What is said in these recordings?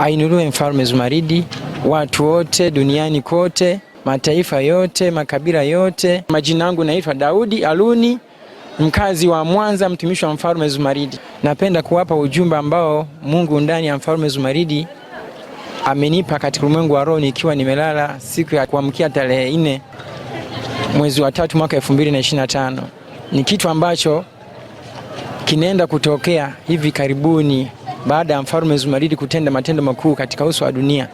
Ainuliwe Mfalme Zumaridi, watu wote duniani kote, mataifa yote, makabila yote. Majina yangu naitwa Daudi Aluni, mkazi wa Mwanza, mtumishi wa Mfalme Zumaridi. Napenda kuwapa ujumbe ambao Mungu ndani ya Mfalme Zumaridi amenipa katika ulimwengu wa roho, nikiwa nimelala siku ya kuamkia tarehe nne mwezi wa tatu mwaka 2025. Ni kitu ambacho kinaenda kutokea hivi karibuni baada ya mfalme Zumaridi kutenda matendo makuu katika uso wa dunia.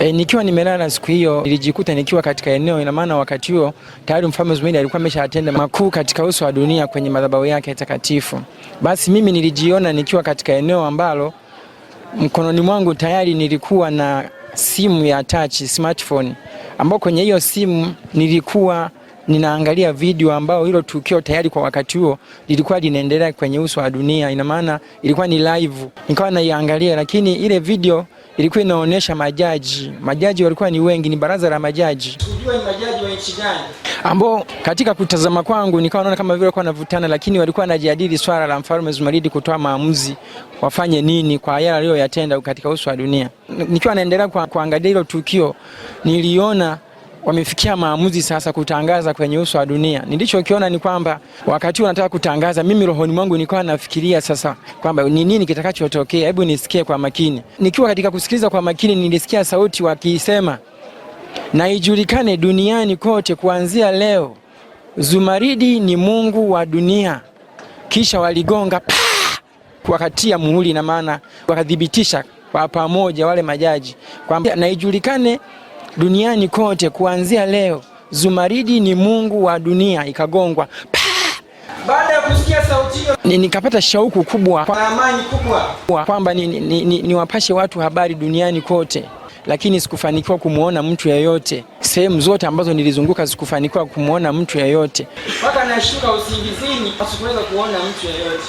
E, nikiwa nimelala siku hiyo nilijikuta nikiwa katika eneo, ina maana wakati huo tayari mfalme Zumaridi alikuwa ameshatenda makuu katika uso wa dunia kwenye madhabahu yake takatifu. Basi mimi nilijiona nikiwa katika eneo ambalo mkononi mwangu tayari nilikuwa na simu ya touch smartphone, ambao kwenye hiyo simu nilikuwa ninaangalia video ambao hilo tukio tayari kwa wakati huo lilikuwa linaendelea kwenye uso wa dunia, ina maana ilikuwa ni live, nikawa naiangalia, lakini ile video ilikuwa inaonyesha majaji. Majaji walikuwa ni wengi, ni baraza la majaji. Unajua ni majaji wa nchi gani? Ambao katika kutazama kwangu nikawa naona kama vile walikuwa wanavutana, lakini walikuwa wanajadili swala la Mfalme Zumaridi kutoa maamuzi, wafanye nini kwa yale aliyoyatenda katika uso wa dunia. Nikiwa naendelea kuangalia hilo tukio niliona wamefikia maamuzi sasa kutangaza kwenye uso wa dunia. Nilichokiona ni kwamba wakati wanataka kutangaza, mimi rohoni mwangu nilikuwa nafikiria sasa kwamba ni nini kitakachotokea. Hebu nisikie kwa makini. Nikiwa katika kusikiliza kwa makini, nilisikia sauti wakisema, na ijulikane duniani kote kuanzia leo Zumaridi ni mungu wa dunia. Kisha waligonga wakatia muhuri, na maana wakathibitisha kwa pamoja wale majaji kwamba na ijulikane duniani kote kuanzia leo. Zumaridi ni mungu wa dunia, ikagongwa baada ya kusikia sauti hiyo nikapata shauku kubwa kwa amani kubwa kwamba niwapashe ni, ni, ni watu habari duniani kote, lakini sikufanikiwa kumwona mtu yeyote. Sehemu zote ambazo nilizunguka sikufanikiwa kumwona mtu yeyote, mpaka nashuka usingizini, sikuweza kuona mtu yeyote.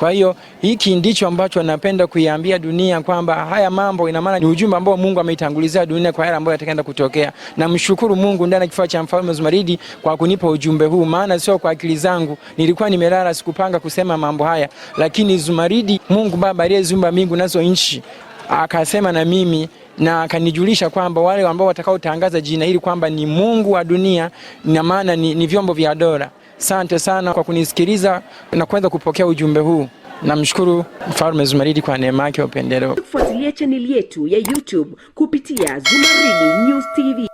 Kwa hiyo hiki ndicho ambacho napenda kuiambia dunia kwamba haya mambo, ina maana ni ujumbe ambao Mungu ameitangulizia dunia kwa yale ambayo yatakenda kutokea. Namshukuru Mungu ndani ya kifaa cha Mfalme Zumaridi kwa kunipa ujumbe huu, maana sio kwa akili zangu, nilikuwa nimelala, sikupanga kusema mambo haya, lakini Zumaridi, Mungu Baba aliyeziumba mbingu nazo nchi, akasema na mimi na akanijulisha kwamba wale ambao watakaotangaza jina hili kwamba ni Mungu wa dunia, ina maana ni, ni vyombo vya dola Sante sana kwa kunisikiliza na kuweza kupokea ujumbe huu. Namshukuru Mfalme Zumaridi kwa neema yake ya upendeleo. Tufuatilie chaneli yetu ya YouTube kupitia Zumaridi News TV.